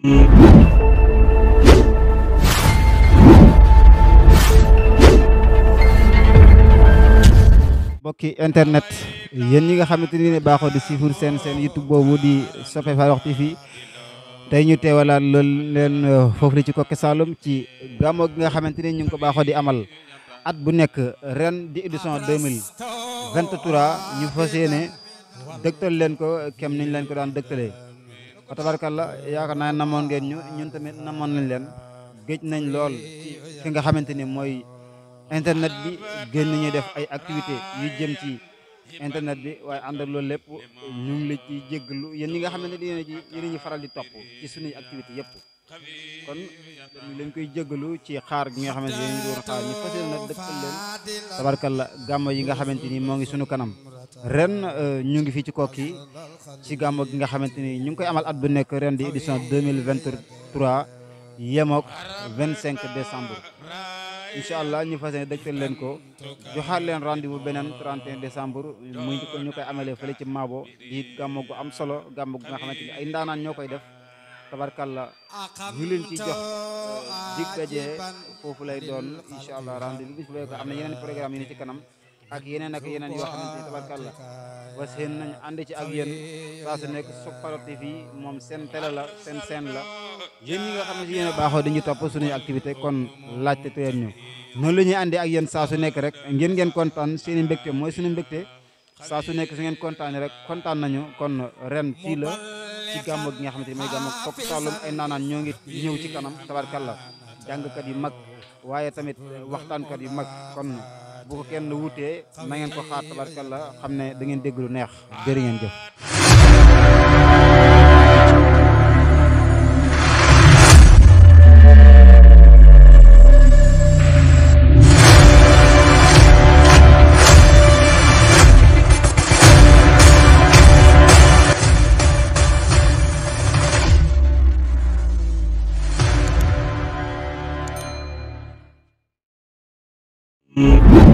mbokki internet yéen yi nga xamante ni baaxoo di suivre seen seen youtube boobu di soppe Farokh TV tey ñu teewalaat loolu leen euh, foofu li ci Koki Saloum ci gàmmu gi nga xamante ni ñu ngi ko baaxoo di amal at bu nekk ren di édition 2023 ñu fas yéene dëgtal leen ko kem niñ leen ko daan dëgtalee fa la yaakaar naa namoon ngeen ñu ñun tamit namoon nañ leen géej nañ lool ci nga xamante ni mooy internet bi gën ñuy def ay activité ñu jëm ci internet bi waaye ànd ak loolu lépp ñu ngi la ci jégglu yéen ñi nga xamante ni yéen ci yéen ñi faral di topp ci suñuy activité yëpp kon lañ koy jégalu ci xaar gi nga xamante ni ñu doon yi nga xamante ni moo ngi suñu kanam ren euh, ñu ngi fii ci Koki ci gàmmu gi nga xamante ni ñu ngi koy amal at bu nekk ren di édition 2023 yemook 25 décembre incha allah ñu fas yéene dëgtal leen ko joxaat leen rendez-vous beneen 31 décembre mu ñu koy amalee fële ci Mabo di am solo gàmmu gu nga xamante ni ay ndaanaan ñoo koy def tabarkalla ñu leen ci jox euh, dig daje foofu lay doon incha allah rendez-vous bi bu am na yeneen programme yi ne ci kanam ak yeneen ak yeneen yoo xamante ni tabarkàlla was xeen nañ ànd ci ak yéen saa nekk Sukaro TV yi moom seen télé la seen seen la yéen ñi nga xam ne si baaxoo dañuy topp suñuy activité kon laajte teen ñu noonu la ñuy àndee ak yéen saa su nekk rek ngeen ngeen kontaan seen i mooy suñu mbégte saa su nekk su ngeen kontaan rek kontaan nañu kon ren fii la ci gàmmu gi nga xamante ni mooy gàmmu fokk sàllum ay naanaan ñoo ngi ñëw ci kanam tabarkàlla jàngkat la mag waaye tamit yu mag bu ko kenn wutee na ngeen ko xaar tabarkalla xam da ngeen dégg lu neex ngeen jëf Mm-hmm.